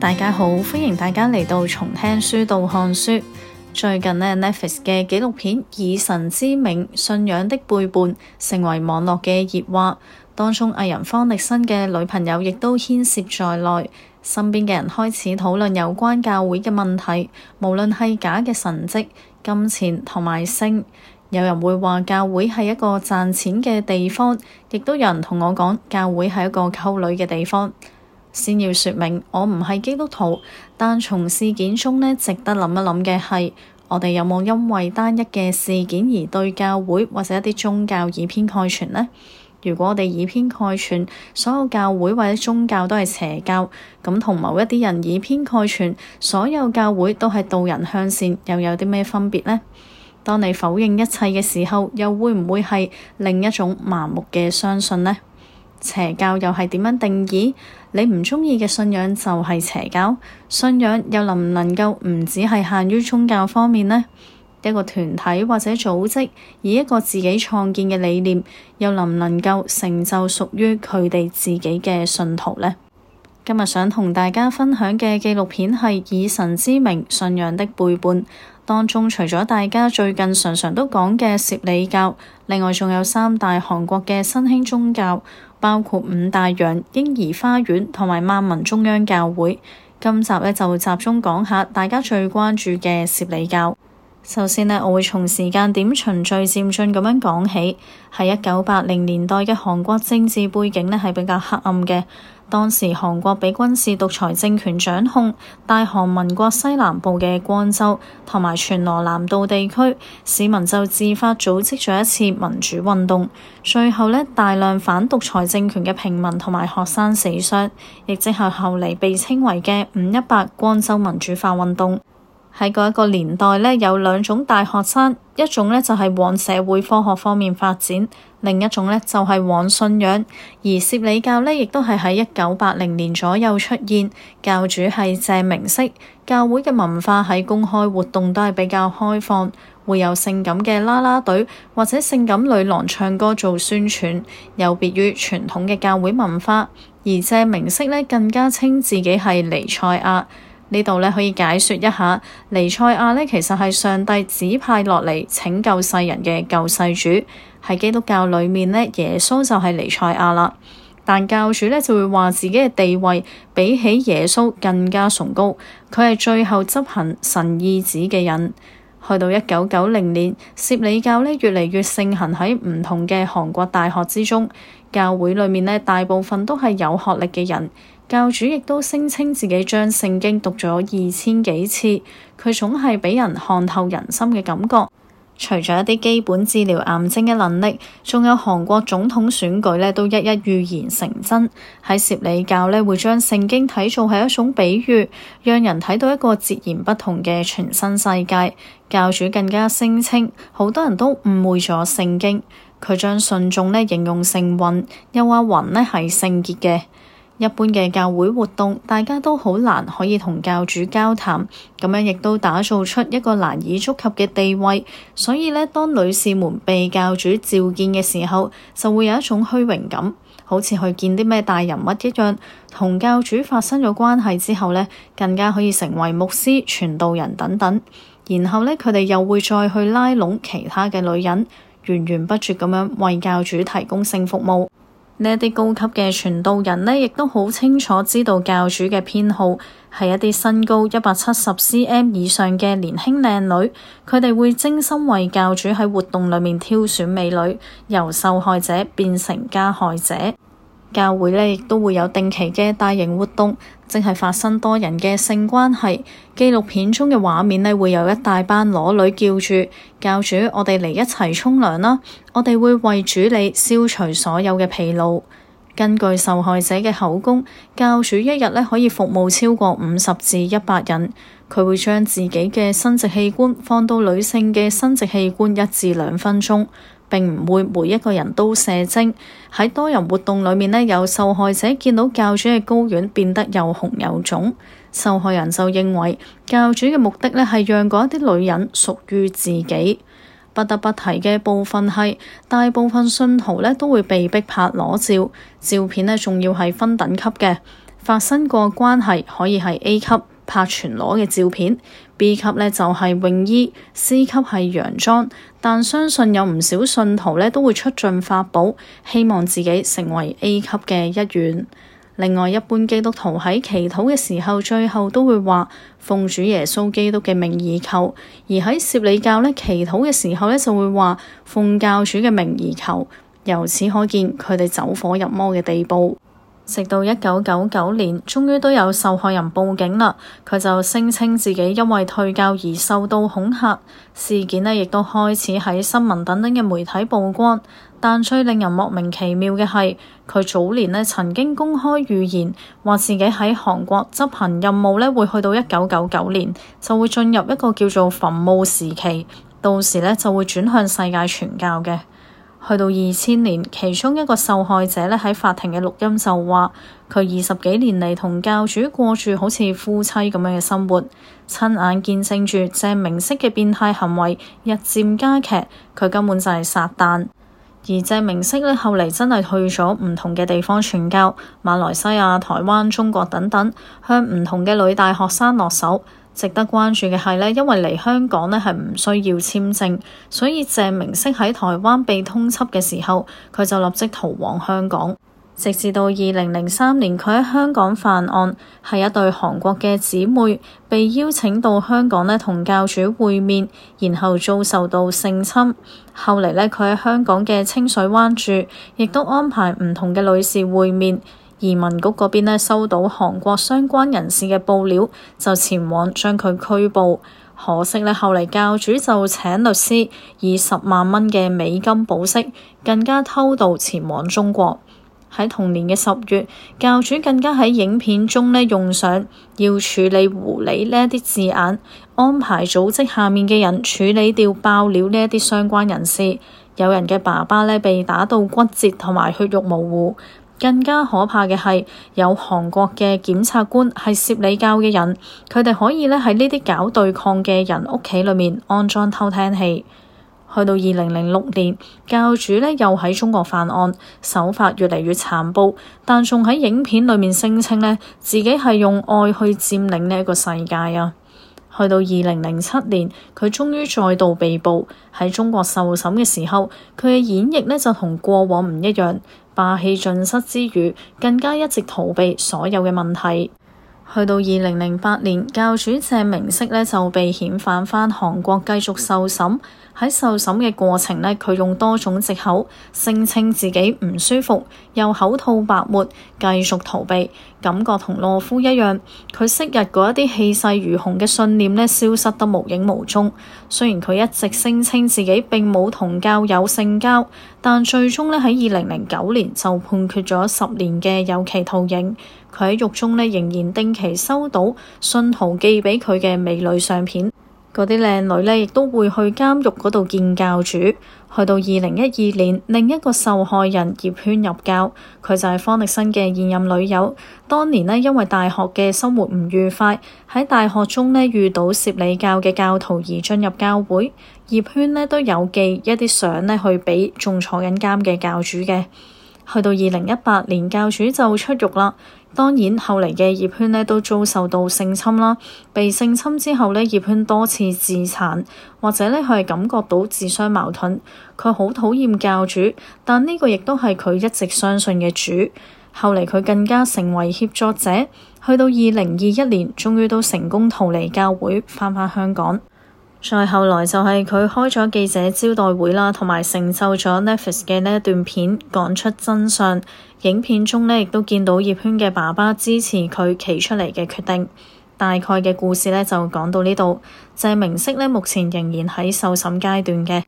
大家好，歡迎大家嚟到從聽書到看書。最近呢，Netflix 嘅紀錄片《以神之名：信仰的背叛》成為網絡嘅熱話，當中藝人方力申嘅女朋友亦都牽涉在內。身邊嘅人開始討論有關教會嘅問題，無論係假嘅神蹟、金錢同埋性，有人會話教會係一個賺錢嘅地方，亦都有人同我講教會係一個溝女嘅地方。先要説明，我唔係基督徒，但從事件中呢，值得諗一諗嘅係，我哋有冇因為單一嘅事件而對教會或者一啲宗教以偏概全呢？如果我哋以偏概全，所有教會或者宗教都係邪教，咁同某一啲人以偏概全，所有教會都係導人向善，又有啲咩分別呢？當你否認一切嘅時候，又會唔會係另一種盲目嘅相信呢？邪教又係點樣定義？你唔中意嘅信仰就係邪教。信仰又能唔能夠唔只係限於宗教方面呢？一個團體或者組織以一個自己創建嘅理念，又能唔能夠成就屬於佢哋自己嘅信徒呢？今日想同大家分享嘅紀錄片係《以神之名：信仰的背叛》。當中除咗大家最近常常都講嘅攝理教，另外仲有三大韓國嘅新興宗教，包括五大洋、嬰兒花園同埋萬民中央教會。今集呢，就會集中講下大家最關注嘅攝理教。首先呢，我會從時間點循序漸進咁樣講起。喺一九八零年代，嘅韓國政治背景呢，係比較黑暗嘅。當時韓國被軍事獨裁政權掌控，大韓民國西南部嘅光州同埋全羅南道地區市民就自發組織咗一次民主運動，最後呢，大量反獨裁政權嘅平民同埋學生死傷，亦即係後嚟被稱為嘅五一八光州民主化運動。喺嗰一個年代呢，有兩種大學生，一種呢就係、是、往社會科學方面發展，另一種呢就係、是、往信仰。而攝理教呢，亦都係喺一九八零年左右出現，教主係謝明色。教會嘅文化喺公開活動都係比較開放，會有性感嘅啦啦隊或者性感女郎唱歌做宣傳，有別於傳統嘅教會文化。而謝明色呢，更加稱自己係彌賽亞。呢度呢，可以解說一下，彌賽亞呢，其實係上帝指派落嚟拯救世人嘅救世主，喺基督教裏面呢，耶穌就係彌賽亞啦。但教主呢，就會話自己嘅地位比起耶穌更加崇高，佢係最後執行神意旨嘅人。去到一九九零年，攝理教呢，越嚟越盛行喺唔同嘅韓國大學之中。教會裏面咧，大部分都係有學歷嘅人。教主亦都聲稱自己將聖經讀咗二千幾次，佢總係俾人看透人心嘅感覺。除咗一啲基本治療癌症嘅能力，仲有韓國總統選舉咧都一一預言成真。喺攝理教咧，會將聖經睇做係一種比喻，讓人睇到一個截然不同嘅全新世界。教主更加聲稱，好多人都誤會咗聖經。佢將信眾呢形容成「雲」，又話雲呢係聖潔嘅。一般嘅教會活動，大家都好難可以同教主交談，咁樣亦都打造出一個難以觸及嘅地位。所以呢，當女士們被教主召見嘅時候，就會有一種虛榮感，好似去見啲咩大人物一樣。同教主發生咗關係之後呢，更加可以成為牧師、傳道人等等。然後呢，佢哋又會再去拉攏其他嘅女人。源源不絕咁樣為教主提供性服務，呢啲高級嘅傳道人呢，亦都好清楚知道教主嘅偏好係一啲身高一百七十 cm 以上嘅年輕靚女，佢哋會精心為教主喺活動裏面挑選美女，由受害者變成加害者。教會呢亦都會有定期嘅大型活動，即係發生多人嘅性關係。紀錄片中嘅畫面呢會有一大班裸女叫住教主：我哋嚟一齊沖涼啦！我哋會為主理消除所有嘅疲勞。根據受害者嘅口供，教主一日呢可以服務超過五十至一百人。佢會將自己嘅生殖器官放到女性嘅生殖器官一至兩分鐘。並唔會每一個人都射精。喺多人活動裏面呢，有受害者見到教主嘅睾丸變得又紅又腫，受害人就認為教主嘅目的咧係讓嗰一啲女人屬於自己。不得不提嘅部分係，大部分信徒咧都會被逼拍裸照，照片咧仲要係分等級嘅，發生過關係可以係 A 級。拍全裸嘅照片，B 級咧就係泳衣，C 級係洋裝，但相信有唔少信徒咧都會出盡法寶，希望自己成為 A 級嘅一員。另外，一般基督徒喺祈禱嘅時候，最後都會話奉主耶穌基督嘅名義求，而喺攝理教咧祈禱嘅時候咧就會話奉教主嘅名義求。由此可見，佢哋走火入魔嘅地步。直到一九九九年，終於都有受害人報警啦。佢就聲稱自己因為退教而受到恐嚇，事件呢亦都開始喺新聞等等嘅媒體曝光。但最令人莫名其妙嘅係，佢早年呢曾經公開預言，話自己喺韓國執行任務呢會去到一九九九年，就會進入一個叫做「墳墓時期」，到時呢就會轉向世界傳教嘅。去到二千年，其中一個受害者咧喺法庭嘅錄音就話：佢二十幾年嚟同教主過住好似夫妻咁樣嘅生活，親眼見證住鄭明析嘅變態行為日漸加劇。佢根本就係撒旦。而鄭明析咧後嚟真係去咗唔同嘅地方傳教，馬來西亞、台灣、中國等等，向唔同嘅女大學生落手。值得關注嘅係呢因為嚟香港呢係唔需要簽證，所以鄭明析喺台灣被通緝嘅時候，佢就立即逃往香港。直至到二零零三年，佢喺香港犯案，係一對韓國嘅姊妹被邀請到香港呢同教主會面，然後遭受到性侵。後嚟呢，佢喺香港嘅清水灣住，亦都安排唔同嘅女士會面。移民局嗰邊咧收到韓國相關人士嘅報料，就前往將佢拘捕。可惜咧後嚟教主就請律師以十萬蚊嘅美金保釋，更加偷渡前往中國。喺同年嘅十月，教主更加喺影片中咧用上要處理狐狸呢一啲字眼，安排組織下面嘅人處理掉爆料呢一啲相關人士。有人嘅爸爸咧被打到骨折同埋血肉模糊。更加可怕嘅係，有韓國嘅檢察官係攝理教嘅人，佢哋可以咧喺呢啲搞對抗嘅人屋企裏面安裝偷聽器。去到二零零六年，教主咧又喺中國犯案，手法越嚟越殘暴，但仲喺影片裏面聲稱咧自己係用愛去佔領呢一個世界啊！去到二零零七年，佢終於再度被捕。喺中國受審嘅時候，佢嘅演繹呢就同過往唔一樣，霸氣盡失之餘，更加一直逃避所有嘅問題。去到二零零八年，教主鄭明析呢就被遣返返韓國繼續受審。喺受審嘅過程呢，佢用多種借口聲稱自己唔舒服，又口吐白沫，繼續逃避，感覺同懦夫一樣。佢昔日嗰一啲氣勢如虹嘅信念呢，消失得無影無蹤。雖然佢一直聲稱自己並冇同教友性交，但最終呢，喺二零零九年就判決咗十年嘅有期徒刑。佢喺獄中呢，仍然定期收到信徒寄畀佢嘅美女相片。嗰啲靚女呢，亦都會去監獄嗰度見教主。去到二零一二年，另一個受害人葉圈入教，佢就係方力申嘅現任女友。當年呢，因為大學嘅生活唔愉快，喺大學中呢遇到攝理教嘅教徒而進入教會。葉圈呢，都有寄一啲相呢去畀仲坐緊監嘅教主嘅。去到二零一八年，教主就出獄啦。當然後嚟嘅葉圈咧都遭受到性侵啦，被性侵之後呢，葉圈多次自殘，或者呢佢係感覺到自相矛盾，佢好討厭教主，但呢個亦都係佢一直相信嘅主。後嚟佢更加成為協助者，去到二零二一年，終於都成功逃離教會，翻返香港。再後來就係佢開咗記者招待會啦，同埋成就咗 Netflix 嘅呢一段片，講出真相。影片中呢，亦都見到葉軒嘅爸爸支持佢企出嚟嘅決定。大概嘅故事呢，就講到呢度。謝明析呢，目前仍然喺受審階段嘅。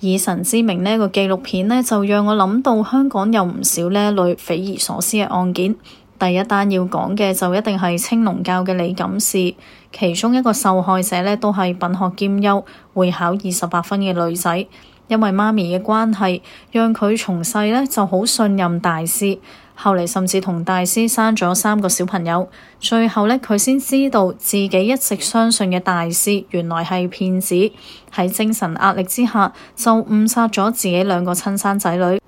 以神之名呢個紀錄片呢，就讓我諗到香港有唔少呢一類匪夷所思嘅案件。第一單要講嘅就一定係青龍教嘅李錦士，其中一個受害者呢，都係品學兼優、會考二十八分嘅女仔，因為媽咪嘅關係，讓佢從細呢就好信任大師，後嚟甚至同大師生咗三個小朋友，最後呢，佢先知道自己一直相信嘅大師原來係騙子，喺精神壓力之下就誤殺咗自己兩個親生仔女。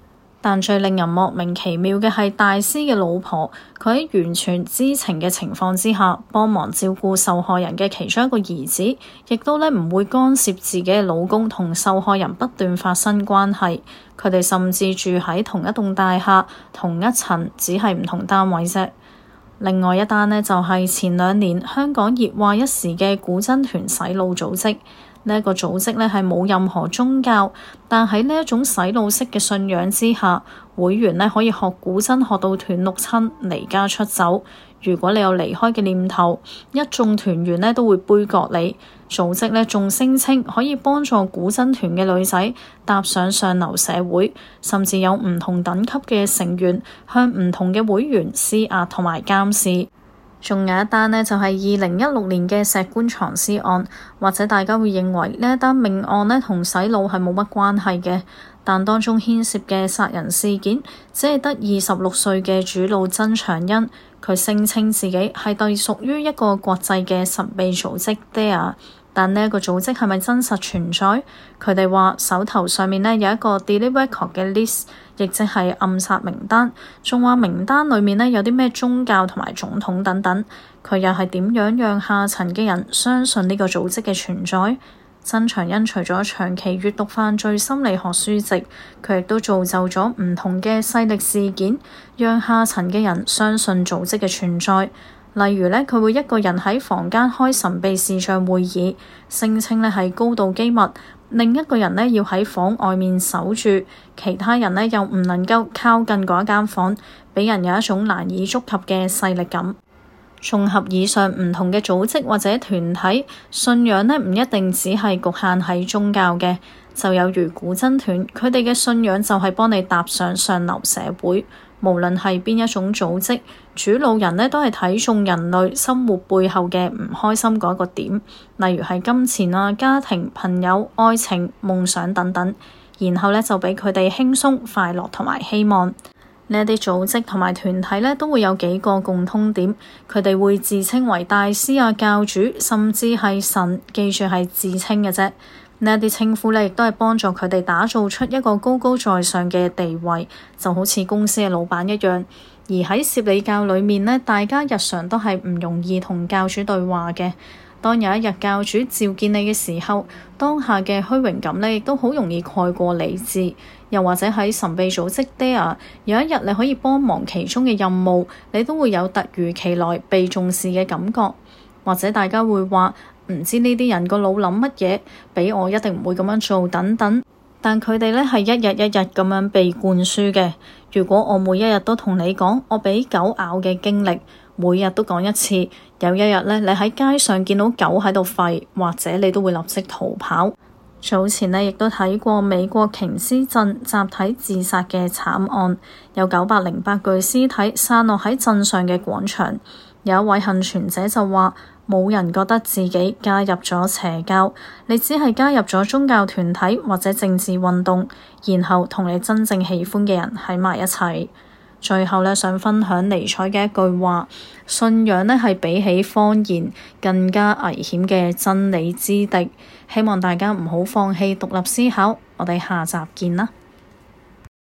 但最令人莫名其妙嘅係大師嘅老婆，佢喺完全知情嘅情況之下，幫忙照顧受害人嘅其中一個兒子，亦都咧唔會干涉自己嘅老公同受害人不斷發生關係。佢哋甚至住喺同一棟大廈、同一層，只係唔同單位啫。另外一單咧就係前兩年香港熱話一時嘅古箏團洗腦組織。呢一個組織咧係冇任何宗教，但喺呢一種洗腦式嘅信仰之下，會員咧可以學古箏學到斷六親、離家出走。如果你有離開嘅念頭，一眾團員咧都會杯葛你。組織咧仲聲稱可以幫助古箏團嘅女仔踏上上流社會，甚至有唔同等級嘅成員向唔同嘅會員施壓同埋監視。仲有一單呢，就係二零一六年嘅石棺藏屍案，或者大家會認為呢一單命案呢，同洗腦係冇乜關係嘅，但當中牽涉嘅殺人事件，只係得二十六歲嘅主腦曾長恩。佢聲稱自己係隸屬於一個國際嘅神秘組織。There. 但呢一個組織係咪真實存在？佢哋話手頭上面呢有一個 delivery code 嘅 list，亦即係暗殺名單。仲話名單裡面呢有啲咩宗教同埋總統等等。佢又係點樣讓下層嘅人相信呢個組織嘅存在？曾祥恩除咗長期閱讀犯罪心理學書籍，佢亦都造就咗唔同嘅勢力事件，讓下層嘅人相信組織嘅存在。例如呢佢會一個人喺房間開神秘視像會議，聲稱呢係高度機密；另一個人呢要喺房外面守住，其他人呢又唔能夠靠近嗰間房，畀人有一種難以觸及嘅勢力感。綜合以上唔同嘅組織或者團體，信仰呢唔一定只係局限喺宗教嘅，就有如古箏團，佢哋嘅信仰就係幫你踏上上流社會。無論係邊一種組織，主路人呢都係睇重人類生活背後嘅唔開心嗰一個點，例如係金錢啊、家庭、朋友、愛情、夢想等等。然後呢，就畀佢哋輕鬆、快樂同埋希望。呢啲組織同埋團體呢，都會有幾個共通點，佢哋會自稱為大師啊、教主，甚至係神，記住係自稱嘅啫。呢啲稱呼咧，亦都係幫助佢哋打造出一個高高在上嘅地位，就好似公司嘅老闆一樣。而喺攝理教裏面咧，大家日常都係唔容易同教主對話嘅。當有一日教主召見你嘅時候，當下嘅虛榮感咧，亦都好容易蓋過理智。又或者喺神秘組織 DIA，有一日你可以幫忙其中嘅任務，你都會有突如其來被重視嘅感覺。或者大家會話。唔知呢啲人個腦諗乜嘢，俾我一定唔會咁樣做等等。但佢哋呢係一日一日咁樣被灌輸嘅。如果我每一日都同你講我俾狗咬嘅經歷，每日都講一次，有一日呢，你喺街上見到狗喺度吠，或者你都會立即逃跑。早前呢，亦都睇過美國瓊斯鎮集體自殺嘅慘案，有九百零八具屍體散落喺鎮上嘅廣場。有一位幸存者就話。冇人覺得自己加入咗邪教，你只係加入咗宗教團體或者政治運動，然後同你真正喜歡嘅人喺埋一齊。最後呢，想分享尼采嘅一句話：信仰呢係比起謊言更加危險嘅真理之敵。希望大家唔好放棄獨立思考。我哋下集見啦。